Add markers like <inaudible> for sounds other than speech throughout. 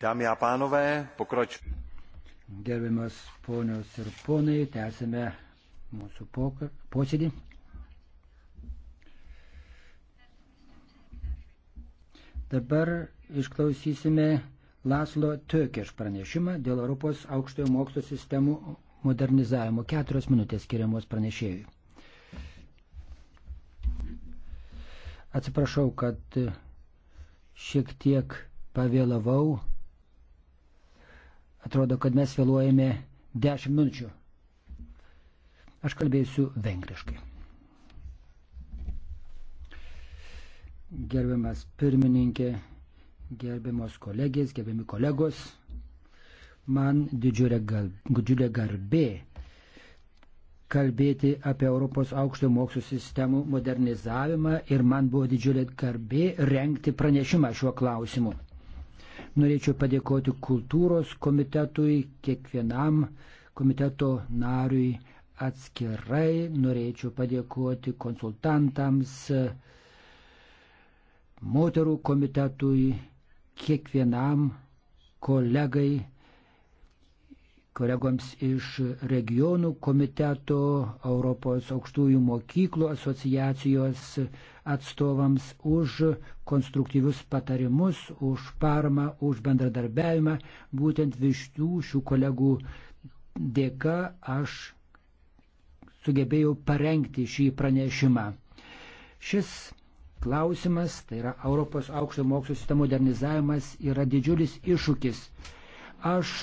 Dámy a pánové, pokračujeme. Gerbiamas ponios ir ponai, tęsime mūsų posėdį. Dabar išklausysime Laslo Tökeš pranešimą dėl Europos aukštojo mokslo sistemų modernizavimo. Keturios minutės skiriamos pranešėjui. Atsiprašau, kad šiek tiek pavėlavau. Atrodo, kad mes vėluojame 10 minučių. Aš kalbėsiu vengriškai. Gerbiamas pirmininkė, gerbiamos kolegės, gerbiami kolegos, man didžiulė, gal, didžiulė garbė kalbėti apie Europos aukštojo mokslo sistemų modernizavimą ir man buvo didžiulė garbė renkti pranešimą šiuo klausimu. Norėčiau padėkoti kultūros komitetui, kiekvienam komiteto nariui atskirai. Norėčiau padėkoti konsultantams, moterų komitetui, kiekvienam kolegai, kolegoms iš regionų komiteto, Europos aukštųjų mokyklų asociacijos, atstovams už konstruktyvius patarimus, už paramą, už bendradarbiavimą. Būtent vištų šių kolegų dėka aš sugebėjau parengti šį pranešimą. Šis klausimas, tai yra Europos aukštojo mokslo sistemų modernizavimas, yra didžiulis iššūkis. Aš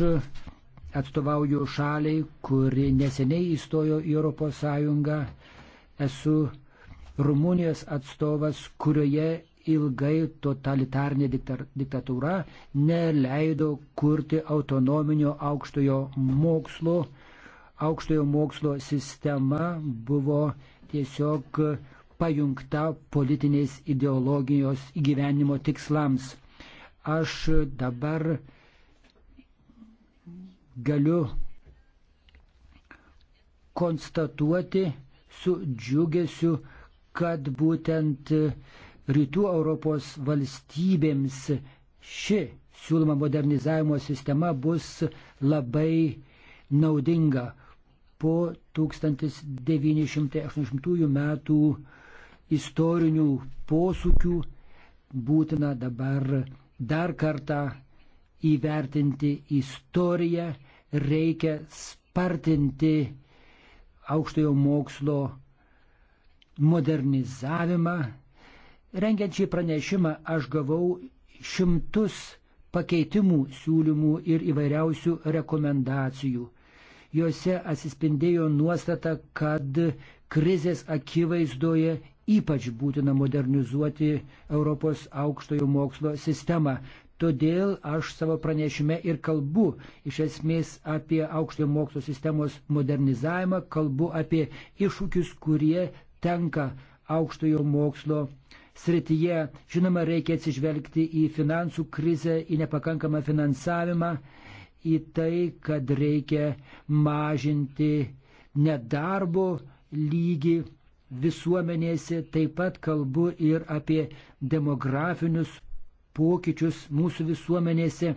atstovauju šaliai, kuri neseniai įstojo į ES, esu Rumunijos atstovas, kurioje ilgai totalitarnė diktatūra neleido kurti autonominio aukštojo mokslo. Aukštojo mokslo sistema buvo tiesiog pajungta politinės ideologijos įgyvenimo tikslams. Aš dabar galiu konstatuoti su džiugesiu, kad būtent rytų Europos valstybėms ši siūloma modernizavimo sistema bus labai naudinga po 1980 metų istorinių posūkių būtina dabar dar kartą įvertinti istoriją, reikia spartinti aukštojo mokslo modernizavimą. Rengiant šį pranešimą aš gavau šimtus pakeitimų siūlymų ir įvairiausių rekomendacijų. Jose atsispindėjo nuostata, kad krizės akivaizdoje ypač būtina modernizuoti Europos aukštojo mokslo sistemą. Todėl aš savo pranešime ir kalbu iš esmės apie aukštojo mokslo sistemos modernizavimą, kalbu apie iššūkius, kurie tenka aukštojo mokslo srityje. Žinoma, reikia atsižvelgti į finansų krizę, į nepakankamą finansavimą, į tai, kad reikia mažinti nedarbo lygį visuomenėse. Taip pat kalbu ir apie demografinius pokyčius mūsų visuomenėse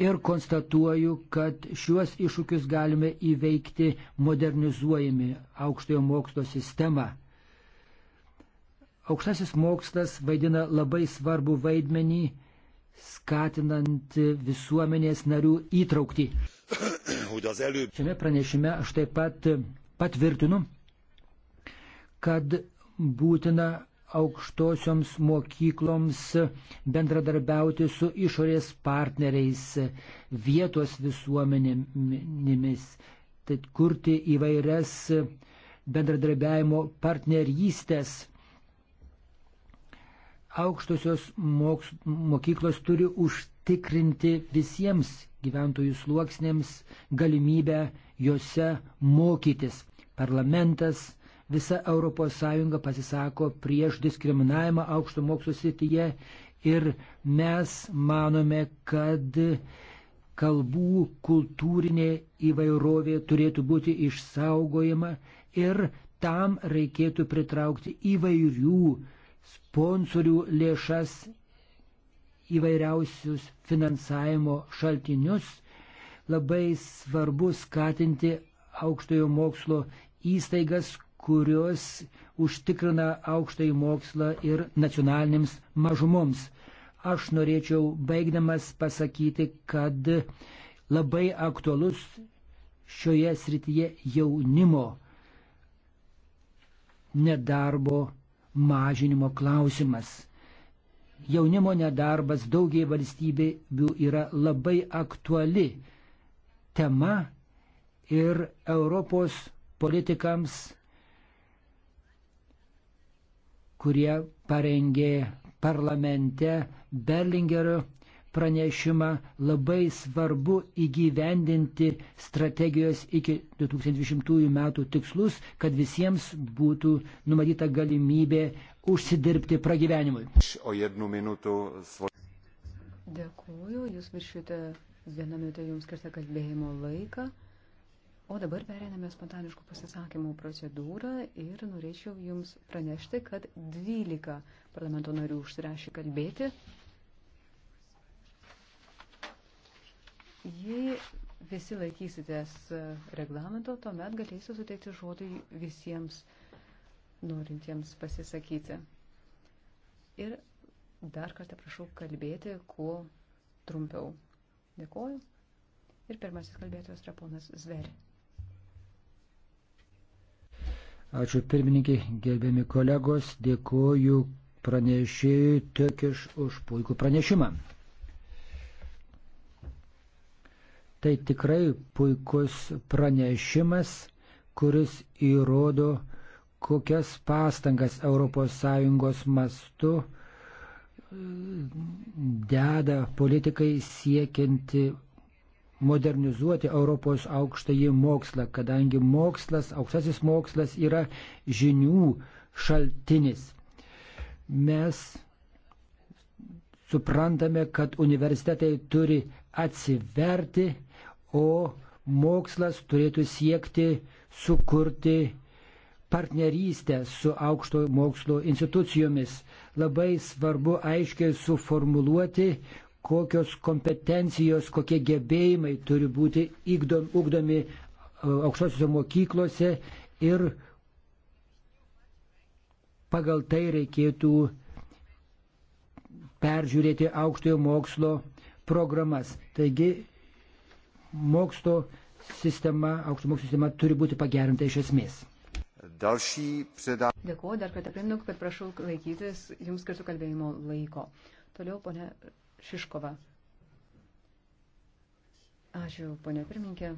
ir konstatuoju, kad šiuos iššūkius galime įveikti modernizuojami aukštojo mokslo sistemą. Aukštasis mokslas vaidina labai svarbu vaidmenį, skatinant visuomenės narių įtraukti. <coughs> Šiame pranešime aš taip pat patvirtinu, kad būtina aukštosioms mokykloms bendradarbiauti su išorės partneriais, vietos visuomenėmis, tai kurti įvairias bendradarbiavimo partnerystės. Aukštosios moks, mokyklos turi užtikrinti visiems gyventojų sluoksnėms galimybę jose mokytis. Parlamentas Visa ES pasisako prieš diskriminavimą aukšto mokslo srityje ir mes manome, kad kalbų kultūrinė įvairovė turėtų būti išsaugojama ir tam reikėtų pritraukti įvairių sponsorių lėšas, įvairiausius finansavimo šaltinius. Labai svarbu skatinti aukštojo mokslo įstaigas, kurios užtikrina aukštąjį mokslą ir nacionalinėms mažumoms. Aš norėčiau baigdamas pasakyti, kad labai aktualus šioje srityje jaunimo nedarbo mažinimo klausimas. Jaunimo nedarbas daugiai valstybių yra labai aktuali tema ir Europos politikams kurie parengė parlamente Berlingerio pranešimą. Labai svarbu įgyvendinti strategijos iki 2020 metų tikslus, kad visiems būtų numatyta galimybė užsidirbti pragyvenimui. Dėkuoju, jūs viršite vieną minutę jums skirtą kalbėjimo laiką. O dabar periname spontaniškų pasisakymų procedūrą ir norėčiau Jums pranešti, kad 12 parlamento narių užsirašė kalbėti. Jei visi laikysitės e, reglamento, tuomet galėsiu suteikti žodį visiems norintiems pasisakyti. Ir dar kartą prašau kalbėti kuo trumpiau. Dėkoju. Ir pirmasis kalbėtojas yra ponas Zveri. Ačiū pirmininkė, gerbėmi kolegos, dėkoju pranešėjui Tökiš už puikų pranešimą. Tai tikrai puikus pranešimas, kuris įrodo, kokias pastangas ES mastu e, deda politikai siekianti modernizuoti Europos aukštąjį mokslą, kadangi mokslas, aukštasis mokslas yra žinių šaltinis. Mes suprantame, kad universitetai turi atsiverti, o mokslas turėtų siekti sukurti partnerystę su aukšto mokslo institucijomis. Labai svarbu aiškiai suformuluoti, kokios kompetencijos, kokie gebėjimai turi būti įgdom, ugdomi e, aukštosiuose mokyklose ir pagal tai reikėtų peržiūrėti aukštojo mokslo programas. Taigi mokslo sistema, aukštojo mokslo sistema turi būti pagerinta iš esmės. Další předá... Dėkuoju dar kartą primenu, kad prašau laikytis jums skirtų kalbėjimo laiko. Toliau, ponė Šiškova. Ačiū, ponia pirminkė.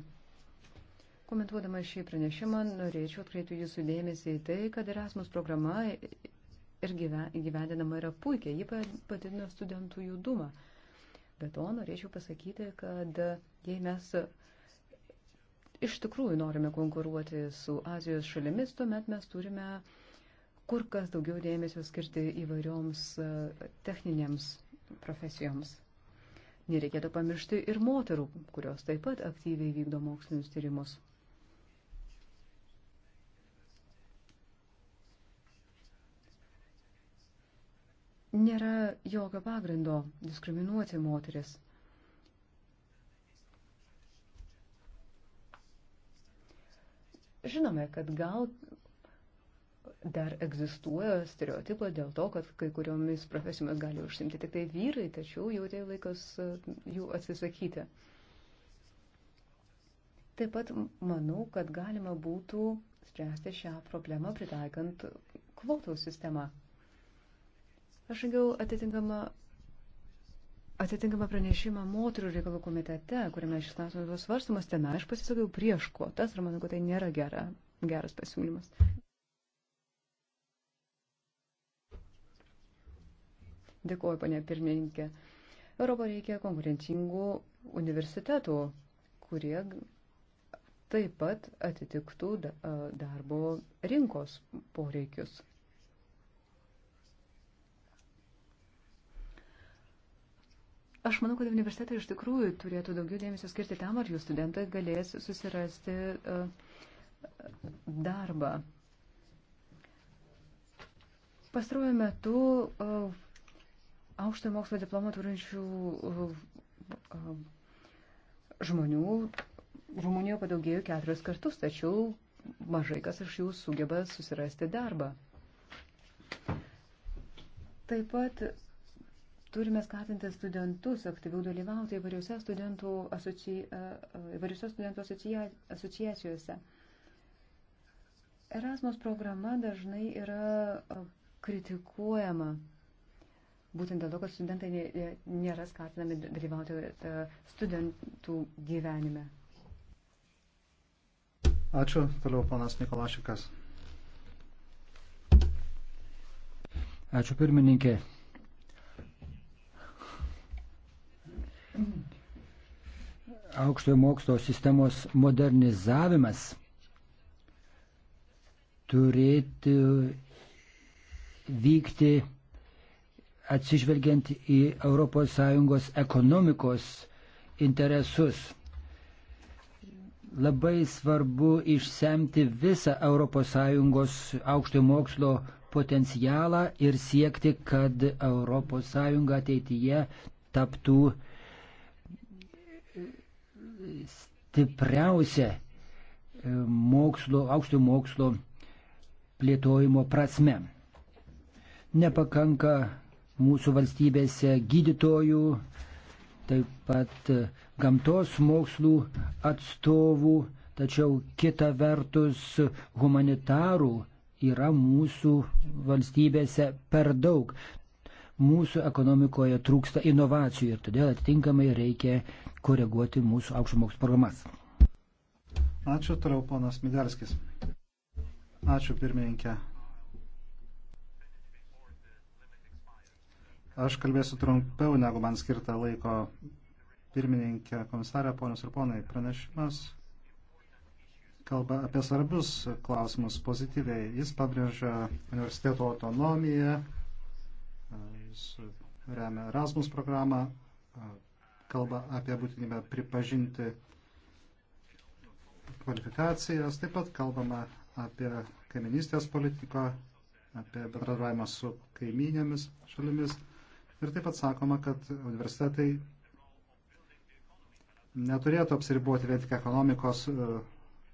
Komentuodama šį pranešimą, norėčiau atkreipti jūsų dėmesį į tai, kad Erasmus programa ir gyvendinama yra puikiai, ji padidina studentų judumą. Be to, norėčiau pasakyti, kad jei mes iš tikrųjų norime konkuruoti su Azijos šalimis, tuomet mes turime kur kas daugiau dėmesio skirti įvairioms e, techninėms profesijoms. Nereikėtų pamiršti ir moterų, kurios taip pat aktyviai vykdo mokslinius tyrimus. Nėra jokio pagrindo diskriminuoti moteris. Žinome, kad gal dar egzistuoja stereotipai dėl to, kad kai kuriomis profesijomis gali užsimti tik tai vyrai, tačiau jau tai laikas e, jų atsisakyti. Taip pat manau, kad galima būtų spręsti šią problemą pritaikant kvotų sistemą. Aš rengiau atitinkamą, atitinkamą pranešimą moterų reikalų komitete, kuriame šis klausimas buvo svarstamas, ten aš pasisakiau prieš kvotas ir manau, kad tai nėra gera, geras pasiūlymas. Dėkuoju, panė pirmininkė. Europoje reikia konkurencingų universitetų, kurie taip pat atitiktų darbo rinkos poreikius. Aš manau, kad universitetai iš tikrųjų turėtų daugiau dėmesio skirti tam, ar jų studentai galės susirasti darbą. Pastaruoju metu aukštojo mokslo diplomą turinčių uh, uh, žmonių Rumunijoje padaugėjo keturis kartus, tačiau mažai kas iš jų sugeba susirasti darbą. Taip pat turime skatinti studentus aktyviau dalyvauti įvairiose studentų, asocija, uh, įvairiose studentų asocia, asociacijose. Erasmus programa dažnai yra kritikuojama būtent dėl to, kad studentai nėra skatinami dalyvauti e, studentų gyvenime. Ačiū. Toliau panas Nikolašikas. Ačiū pirmininkė. Aukštojo mokslo sistemos modernizavimas turėtų vykti atsižvelgiant į ES ekonomikos interesus. Labai svarbu išsemti visą ES aukštojo mokslo potencialą ir siekti, kad ES ateityje taptų stipriausia e, mokslo, aukštojo mokslo plėtojimo prasme. Nepakanka mūsų valstybėse gydytojų, taip pat e, gamtos mokslų atstovų, tačiau kita vertus humanitarų yra mūsų valstybėse per daug. Mūsų ekonomikoje trūksta inovacijų ir todėl atitinkamai reikia koreguoti mūsų aukštų mokslo programas. Ačiū toliau, ponas Migalskis. Ačiū pirmininkė. Aš kalbėsiu trumpiau, negu man skirta laiko pirmininkė, komisarė, ponios ir ponai. Pranešimas kalba apie svarbius klausimus pozityviai. Jis pabrėžia universiteto autonomiją, jis remia Erasmus programą, kalba apie būtinybę pripažinti kvalifikacijas, taip pat kalbama apie kaiminystės politiką, apie bendradavimą su kaiminėmis šalimis. Ir taip pat sakoma, kad universitetai neturėtų apsiriboti vien tik ekonomikos e,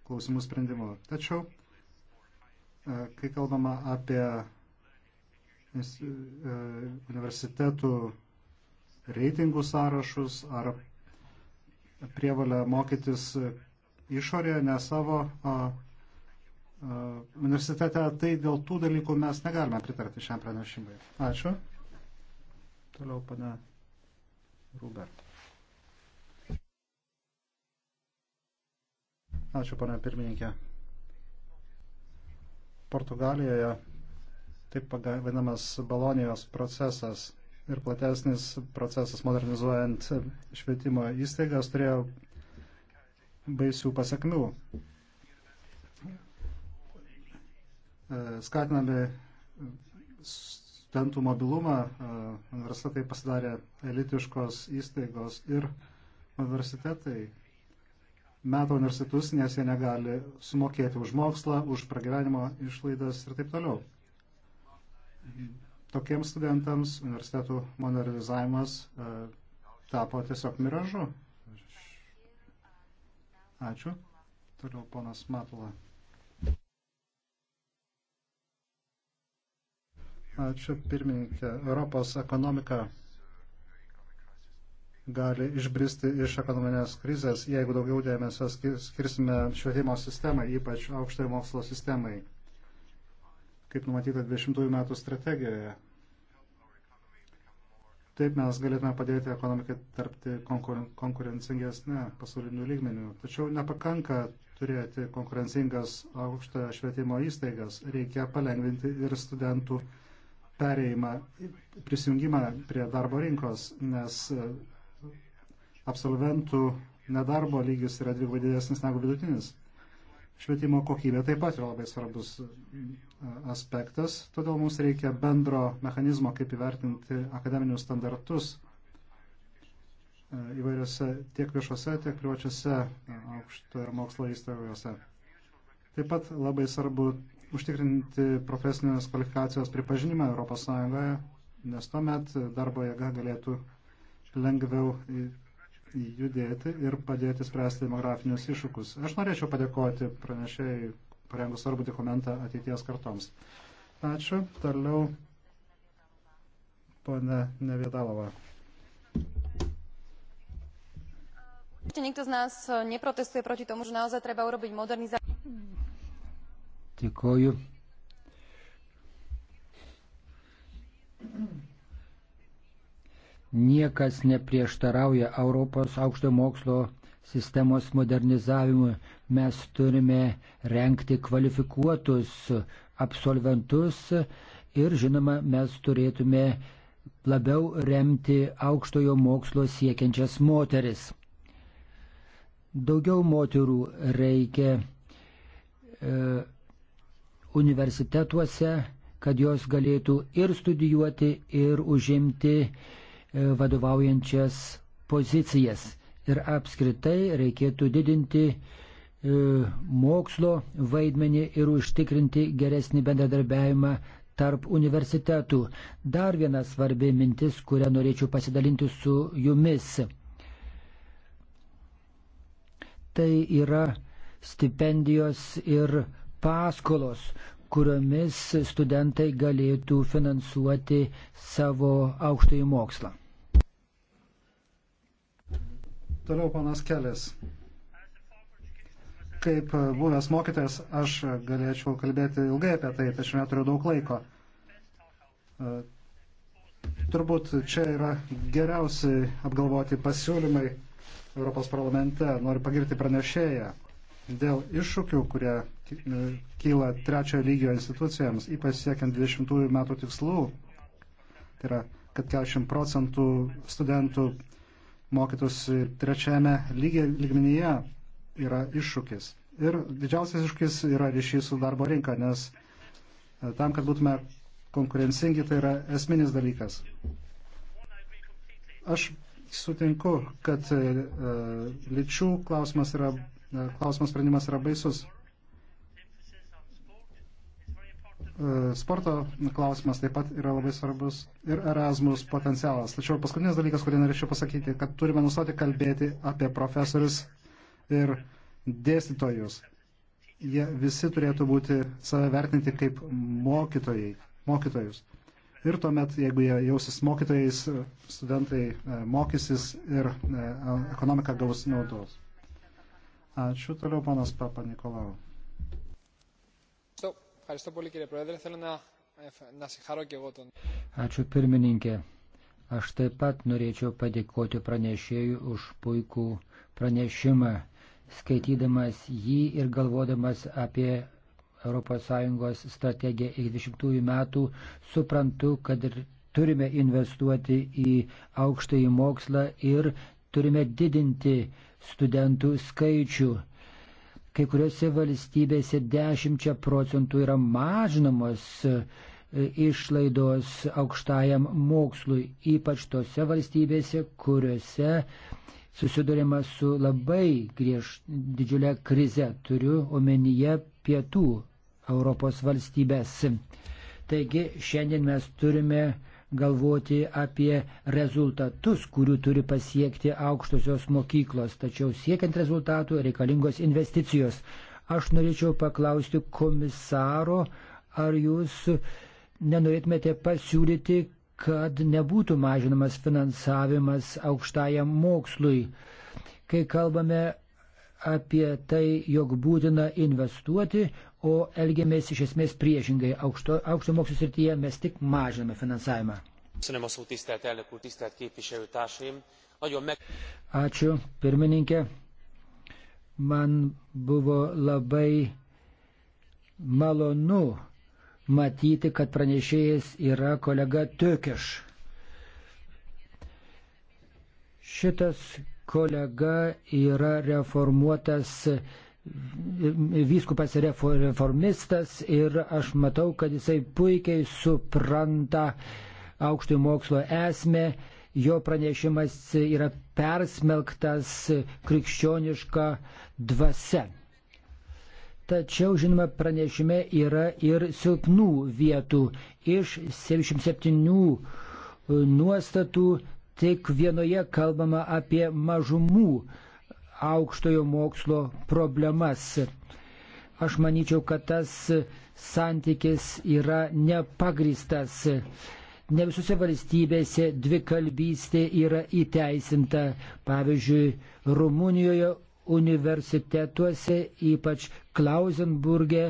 klausimų sprendimu. Tačiau, e, kai kalbama apie e, universitetų reitingų sąrašus ar prievalę mokytis išorėje, ne savo a, a, universitete, tai dėl tų dalykų mes negalime pritarti šiam pranešimui. Ačiū. Toliau pana Rubert. Ačiū, pana pirmininkė. Portugalijoje taip vadinamas Balonijos procesas ir platesnis procesas modernizuojant švietimo įstaigas turėjo baisių pasiekmių. Skatinami studentų mobilumą e, universitetai pasidarė elitiškos įstaigos ir universitetai meta universitetus, nes jie negali sumokėti už mokslą, už pragyvenimo išlaidas ir taip toliau. Tokiems studentams universitetų modernizavimas e, tapo tiesiog miražu. Ačiū. Toliau ponas Matula. Ačiū pirmininkė. Europos ekonomika gali išbristi iš ekonominės krizės, jeigu daugiau dėmesio skirsime švietimo sistemai, ypač aukštojo mokslo sistemai, kaip numatyta 20 metų strategijoje. Taip mes galėtume padėti ekonomikai tarpti konkurencingesnė pasaulinių lygmenių. Tačiau nepakanka turėti konkurencingas aukštojo švietimo įstaigas, reikia palengvinti ir studentų pereimą, prisijungimą prie darbo rinkos, nes e, absolventų nedarbo lygis yra dvigubai didesnis negu vidutinis. Švietimo kokybė taip pat yra labai svarbus e, aspektas, todėl mums reikia bendro mechanizmo, kaip įvertinti akademinius standartus e, įvairiose tiek viešose, tiek privačiose aukštojo mokslo įstaigose. Taip pat labai svarbu užtikrinti profesinės kvalifikacijos pripažinimą ES, nes tuomet darbo jėga galėtų lengviau judėti ir padėti spręsti demografinius iššūkius. Aš norėčiau padėkoti pranešėjai, parengus svarbų dokumentą ateities kartoms. Ačiū. Toliau pone Nevėdalova. Nikto z nás eh, neprotestuje proti tomu, že naozaj treba urobiť modernizáciu. Dėkoju. Niekas neprieštarauja Europos aukšto mokslo sistemos modernizavimui. Mes turime renkti kvalifikuotus absolventus ir, žinoma, mes turėtume labiau remti aukštojo mokslo siekiančias moteris. Daugiau moterų reikia. E, universitetuose, kad jos galėtų ir studijuoti, ir užimti e, vadovaujančias pozicijas. Ir apskritai reikėtų didinti e, mokslo vaidmenį ir užtikrinti geresnį bendradarbiavimą tarp universitetų. Dar viena svarbi mintis, kurią norėčiau pasidalinti su jumis. Tai yra stipendijos ir paskolos, kuriomis studentai galėtų finansuoti savo aukštąjį mokslą. Toliau panas Kelis. Kaip buvęs mokytojas, aš galėčiau kalbėti ilgai apie tai, tačiau neturiu daug laiko. Turbūt čia yra geriausiai apgalvoti pasiūlymai Europos parlamente. Noriu pagirti pranešėją, dėl iššūkių, kurie e, kyla trečiojo lygio institucijams, ypač siekiant 20 metų tikslų, tai yra, kad 40 procentų studentų mokytųsi trečiame lygmenyje, yra iššūkis. Ir didžiausias iššūkis yra ryšys su darbo rinka, nes e, tam, kad būtume konkurencingi, tai yra esminis dalykas. Aš sutinku, kad uh, lyčių klausimas yra klausimas sprendimas yra baisus. E, sporto klausimas taip pat yra labai svarbus ir Erasmus potencialas. Tačiau paskutinis dalykas, kurį norėčiau pasakyti, kad turime nustoti kalbėti apie profesorius ir dėstytojus. Jie visi turėtų būti save vertinti kaip mokytojai, mokytojus. Ir tuomet, jeigu jie jausis mokytojais, studentai e, mokysis ir e, ekonomika gaus naudos. Ačiū. Toliau panas Papa Nikolau. Ačiū pirmininkė. Aš taip pat norėčiau padėkoti pranešėjui už puikų pranešimą, skaitydamas jį ir galvodamas apie ES strategiją iki 20 metų, suprantu, kad ir turime investuoti į aukštąjį mokslą ir turime didinti studentų skaičių. Kai kuriuose valstybėse 10 procentų yra mažinamos e, išlaidos aukštajam mokslui, ypač tose valstybėse, kuriuose susidurima su labai griež didžiulė krize, turiu omenyje pietų Europos valstybės. Taigi šiandien mes turime galvoti apie rezultatus, kurių turi pasiekti aukštosios mokyklos, tačiau siekiant rezultatų reikalingos investicijos. Aš norėčiau paklausti komisaro, ar jūs nenorėtumėte pasiūlyti, kad nebūtų mažinamas finansavimas aukštajam mokslui. Kai kalbame apie tai, jog būtina investuoti, o elgiamės iš esmės priešingai. Aukšto, aukšto mokslo srityje mes tik mažiname finansavimą. Ačiū, pirmininkė. Man buvo labai malonu matyti, kad pranešėjas yra kolega Tökeš. Šitas kolega yra reformuotas vyskupas reformistas ir aš matau, kad jisai puikiai supranta aukštojo mokslo esmę, jo pranešimas yra persmelktas krikščioniška dvasia. Tačiau, žinoma, pranešime yra ir silpnų vietų. Iš 77 nuostatų Tik vienoje kalbama apie mažumų aukštojo mokslo problemas. Aš manyčiau, kad tas santykis yra nepagristas. Ne visose valstybėse dvikalbystė yra įteisinta. Pavyzdžiui, Rumunijoje universitetuose, ypač Klausenburgė,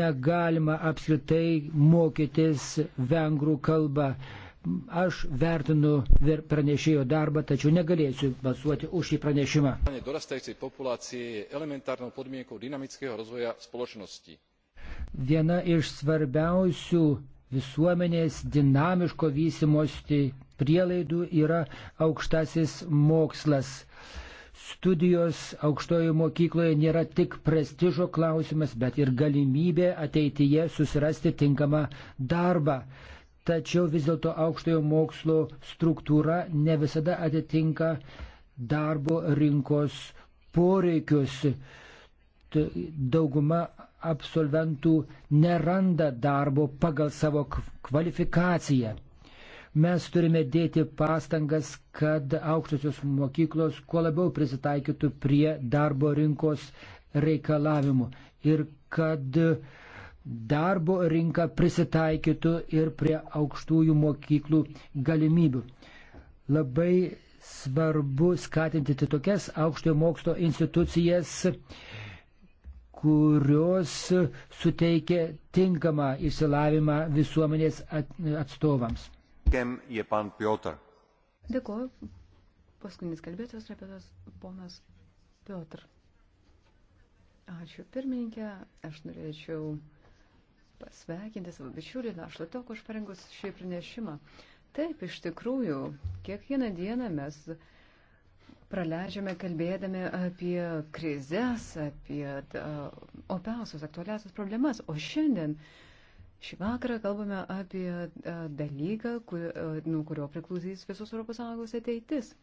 negalima apskritai mokytis vengrų kalbą. Aš vertinu pranešėjo darbą, tačiau negalėsiu balsuoti už šį pranešimą. Viena iš svarbiausių visuomenės dinamiško vystimosti prielaidų yra aukštasis mokslas. Studijos aukštojo mokykloje nėra tik prestižo klausimas, bet ir galimybė ateityje susirasti tinkamą darbą tačiau vis dėlto aukštojo mokslo struktūra ne visada atitinka darbo rinkos poreikius. Dauguma absolventų neranda darbo pagal savo kvalifikaciją. Mes turime dėti pastangas, kad aukštosios mokyklos kuo labiau prisitaikytų prie darbo rinkos reikalavimų ir kad uh, darbo rinka prisitaikytų ir prie aukštųjų mokyklų galimybių. Labai svarbu skatinti tai tokias aukštojo mokslo institucijas, kurios suteikia tinkamą išsilavimą visuomenės atstovams. Dėkuoju. Paskutinis kalbėtojas repetas ponas Piotr. Ačiū pirmininkė, aš norėčiau pasveikinti savo bičiulį Našlą Toko už parengus šį pranešimą. Taip, iš tikrųjų, kiekvieną dieną mes praleidžiame kalbėdami apie krizės, apie opiausius, aktualiausias problemas. O šiandien, šį vakarą, kalbame apie dalyką, kur, nuo kurio priklausys visos ES ateitis.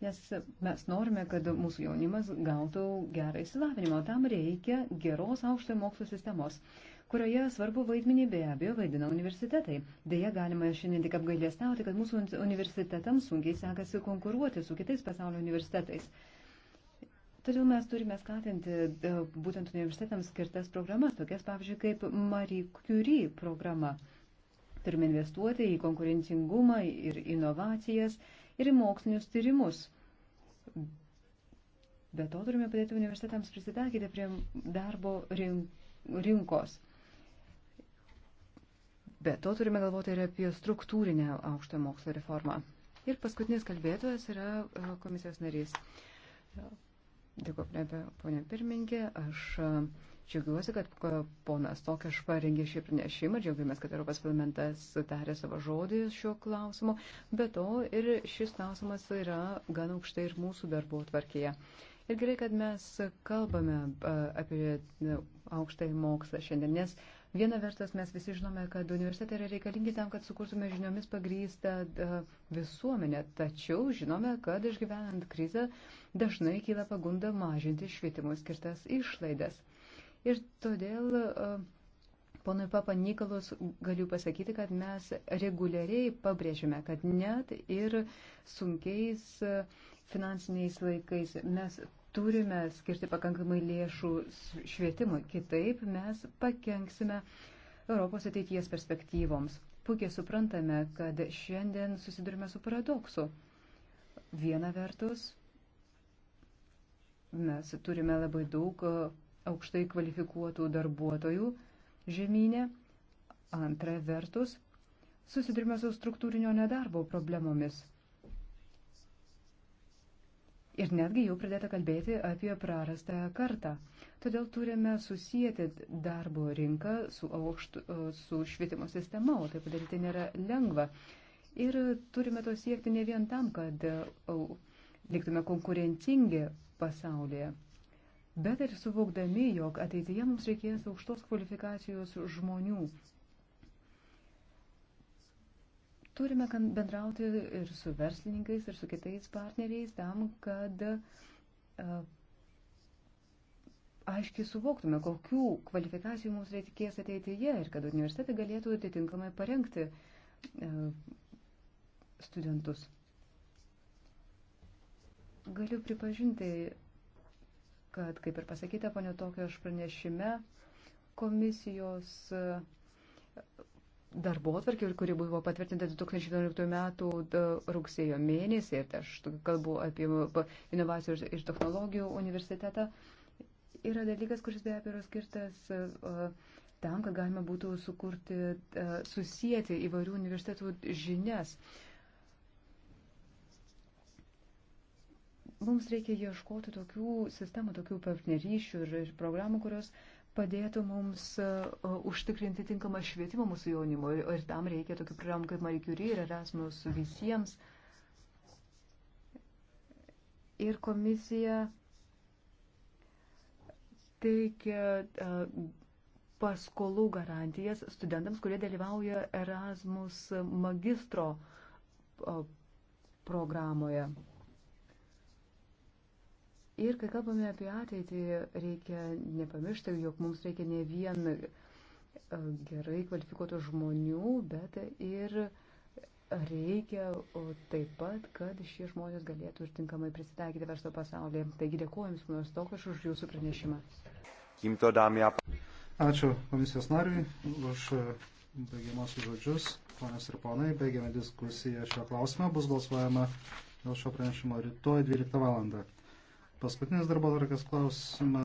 Nes mes norime, kad mūsų jaunimas gautų gerą įsilavinimą. Tam reikia geros aukštojo mokslo sistemos, kurioje svarbu vaidmenį be abejo vaidina universitetai. Deja, galima šiandien tik apgailėstauti, kad mūsų universitetams sunkiai sekasi konkuruoti su kitais pasaulio universitetais. Todėl mes turime skatinti e, būtent universitetams skirtas programas, tokias pavyzdžiui kaip Marie Curie programa. Turime investuoti į konkurencingumą ir inovacijas ir į mokslinius tyrimus. Be to turime padėti universitetams prisitaikyti prie darbo rinkos. Be to turime galvoti ir apie struktūrinę aukštojo mokslo reformą. Ir paskutinis kalbėtojas yra e, komisijos narys. Dėkuoju, ponia pirmininkė. Aš e, Džiaugiuosi, kad ponas Tokiaš parengė šį pranešimą, džiaugiamės, kad Europos parlamentas tarė savo žodį šiuo klausimu, bet to ir šis klausimas yra gan aukštai ir mūsų darbo tvarkėje. Ir gerai, kad mes kalbame apie aukštąjį mokslą šiandien, nes viena vertus mes visi žinome, kad universitetai yra reikalingi tam, kad sukurtume žiniomis pagrystą visuomenę, tačiau žinome, kad išgyvenant krizę dažnai kyla pagunda mažinti švietimui skirtas išlaidas. Ir todėl e, ponui Papa Nikolus galiu pasakyti, kad mes reguliariai pabrėžime, kad net ir sunkiais e, finansiniais laikais mes turime skirti pakankamai lėšų švietimui, kitaip mes pakenksime Europos ateities perspektyvoms. Puikiai suprantame, kad šiandien susidurime su paradoksu. Viena vertus, mes turime labai daug e, aukštai kvalifikuotų darbuotojų žemynė. Antra vertus, susidurime su struktūrinio nedarbo problemomis. Ir netgi jau pradėta kalbėti apie prarastą kartą. Todėl turime susijęti darbo rinką su, aukšt, su švietimo sistema, o tai padaryti nėra lengva. Ir turime to siekti ne vien tam, kad au, liktume konkurencingi pasaulyje bet ir suvokdami, jog ateityje mums reikės aukštos kvalifikacijos žmonių. Turime bendrauti ir su verslininkais, ir su kitais partneriais tam, kad uh, aiškiai suvoktume, kokių kvalifikacijų mums reikės ateityje ir kad universitetai galėtų atitinkamai parengti e, studentus. Galiu pripažinti, kad, kaip ir pasakyta, ponio tokio aš pranešime komisijos e, darbo atvarkė, kuri buvo patvirtinta 2011 metų e, rugsėjo mėnesį, ir aš kalbu apie e, inovacijų ir technologijų universitetą, yra dalykas, kuris be abejo yra skirtas tam, kad galima būtų sukurti, susijęti įvairių universitetų žinias. Uh, Mums reikia ieškoti tokių sistemų, tokių partnerysčių ir, ir programų, kurios padėtų mums uh, užtikrinti tinkamą švietimą mūsų jaunimo. Ir, ir tam reikia tokių programų kaip Marie Curie ir Erasmus visiems. Ir komisija teikia uh, paskolų garantijas studentams, kurie dalyvauja Erasmus magistro e, programoje. Ir kai kalbame apie ateitį, reikia nepamiršti, jog mums reikia ne vien e, gerai kvalifikuotų žmonių, bet ir reikia taip pat, kad šie žmonės galėtų ir tinkamai prisitaikyti verslo pasaulyje. Taigi dėkuoju Jums, ponas Tokaš, už Jūsų pranešimą. Ačiū komisijos nariui už e, baigiamosius žodžius. Ponios ir ponai, baigiame diskusiją šio klausimą. Bus balsuojama dėl šio pranešimo rytoj 12 valandą. Paskutinis darbo tvarkės klausimas.